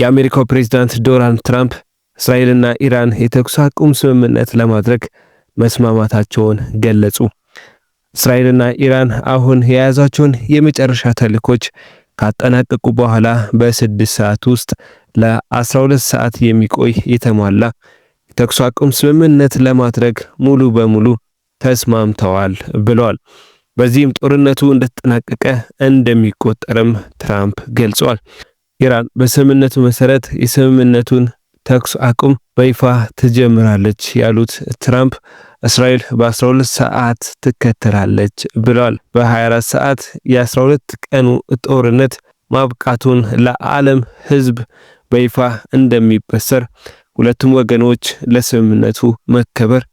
የአሜሪካው ፕሬዚዳንት ዶናልድ ትራምፕ እስራኤልና ኢራን የተኩስ አቁም ስምምነት ለማድረግ መስማማታቸውን ገለጹ። እስራኤልና ኢራን አሁን የያዛቸውን የመጨረሻ ተልእኮች ካጠናቀቁ በኋላ በስድስት ሰዓት ውስጥ ለ12 ሰዓት የሚቆይ የተሟላ የተኩስ አቁም ስምምነት ለማድረግ ሙሉ በሙሉ ተስማምተዋል ብለዋል። በዚህም ጦርነቱ እንደተጠናቀቀ እንደሚቆጠርም ትራምፕ ገልጿል። ኢራን በስምምነቱ መሰረት የስምምነቱን ተኩስ አቁም በይፋ ትጀምራለች ያሉት ትራምፕ እስራኤል በ12 ሰዓት ትከተላለች ብለዋል። በ24 ሰዓት የ12 ቀኑ ጦርነት ማብቃቱን ለዓለም ሕዝብ በይፋ እንደሚበሰር ሁለቱም ወገኖች ለስምምነቱ መከበር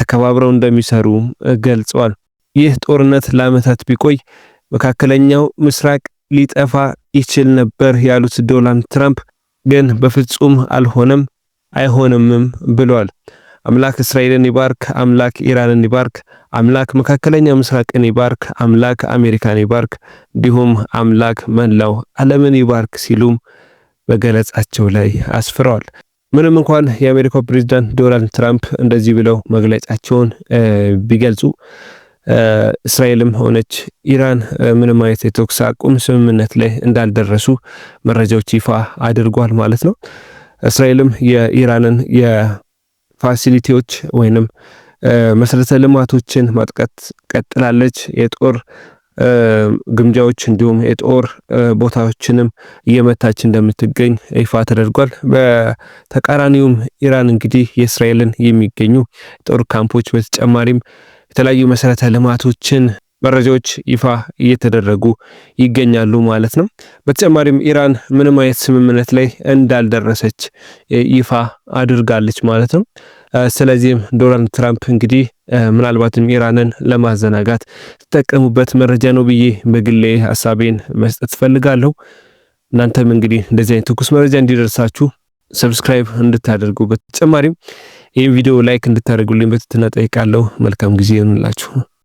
ተከባብረው እንደሚሰሩ ገልጸዋል። ይህ ጦርነት ለዓመታት ቢቆይ መካከለኛው ምስራቅ ሊጠፋ ይችል ነበር ያሉት ዶናልድ ትራምፕ ግን በፍጹም አልሆነም አይሆንምም ብሏል። አምላክ እስራኤልን ይባርክ፣ አምላክ ኢራንን ይባርክ፣ አምላክ መካከለኛ ምስራቅን ይባርክ፣ አምላክ አሜሪካን ይባርክ፣ እንዲሁም አምላክ መላው ዓለምን ይባርክ ሲሉም በገለጻቸው ላይ አስፍረዋል። ምንም እንኳን የአሜሪካው ፕሬዝዳንት ዶናልድ ትራምፕ እንደዚህ ብለው መግለጫቸውን ቢገልጹ እስራኤልም ሆነች ኢራን ምንም አይነት የተኩስ አቁም ስምምነት ላይ እንዳልደረሱ መረጃዎች ይፋ አድርጓል ማለት ነው። እስራኤልም የኢራንን የፋሲሊቲዎች ወይንም መሰረተ ልማቶችን ማጥቃት ቀጥላለች። የጦር ግምጃዎች እንዲሁም የጦር ቦታዎችንም እየመታች እንደምትገኝ ይፋ ተደርጓል። በተቃራኒውም ኢራን እንግዲህ የእስራኤልን የሚገኙ ጦር ካምፖች በተጨማሪም የተለያዩ መሰረተ ልማቶችን መረጃዎች ይፋ እየተደረጉ ይገኛሉ ማለት ነው። በተጨማሪም ኢራን ምንም አይነት ስምምነት ላይ እንዳልደረሰች ይፋ አድርጋለች ማለት ነው። ስለዚህም ዶናልድ ትራምፕ እንግዲህ ምናልባትም ኢራንን ለማዘናጋት ተጠቀሙበት መረጃ ነው ብዬ በግሌ ሀሳቤን መስጠት እፈልጋለሁ። እናንተም እንግዲህ እንደዚህ አይነት ትኩስ መረጃ እንዲደርሳችሁ ሰብስክራይብ እንድታደርጉ በተጨማሪም ይህም ቪዲዮ ላይክ እንድታደርጉልኝ በትህትና ጠይቃለሁ። መልካም ጊዜ ይሁንላችሁ።